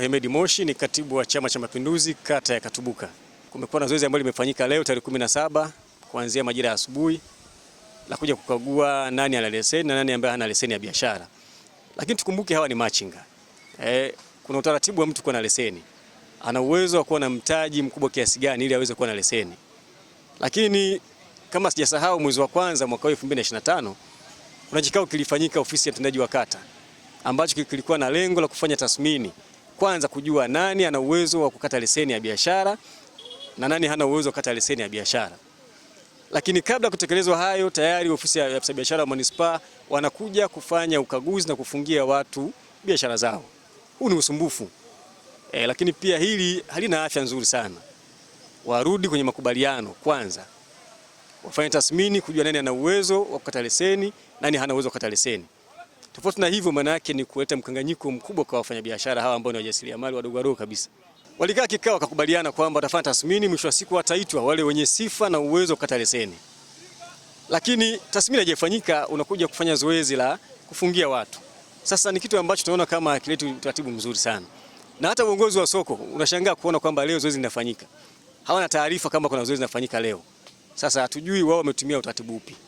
Hemedi Moshi ni katibu wa Chama cha Mapinduzi kata ya Katubuka. Kumekuwa na zoezi ambalo limefanyika leo tarehe 17 kuanzia majira ya asubuhi la kuja kukagua nani ana leseni na nani ambaye hana leseni ya biashara. Lakini tukumbuke hawa ni machinga. Eh, kuna utaratibu wa mtu kuwa na leseni. Ana uwezo wa kuwa na mtaji mkubwa kiasi gani ili aweze kuwa na leseni. Lakini kama sijasahau, mwezi wa kwanza mwaka 2025 kuna kikao kilifanyika ofisi ya mtendaji wa kata ambacho kilikuwa na lengo la kufanya tathmini kwanza kujua nani ana uwezo wa kukata leseni ya biashara na nani hana uwezo wa kukata leseni ya biashara. Lakini kabla kutekelezwa hayo, tayari ofisi ya afisa biashara wa manispaa wanakuja kufanya ukaguzi na kufungia watu biashara zao. Huu ni usumbufu e, lakini pia hili halina afya nzuri sana. Warudi kwenye makubaliano kwanza, wafanye tathmini kujua nani ana uwezo wa kukata leseni, nani hana uwezo wa kukata leseni. Tofauti na hivyo, maana yake ni kuleta mkanganyiko mkubwa kwa wafanyabiashara hawa ambao ni wajasiriamali wadogo wadogo kabisa. Walikaa kikao wakakubaliana kwamba watafanya tathmini, mwisho wa siku wataitwa wale wenye sifa na uwezo kukata leseni, lakini tathmini haijafanyika, unakuja kufanya zoezi la kufungia watu. Sasa ni kitu ambacho tunaona kama hakileti utaratibu mzuri sana, na hata uongozi wa soko unashangaa kuona kwamba leo zoezi linafanyika, hawana taarifa kama kuna zoezi linafanyika leo. Sasa hatujui wao wametumia utaratibu upi.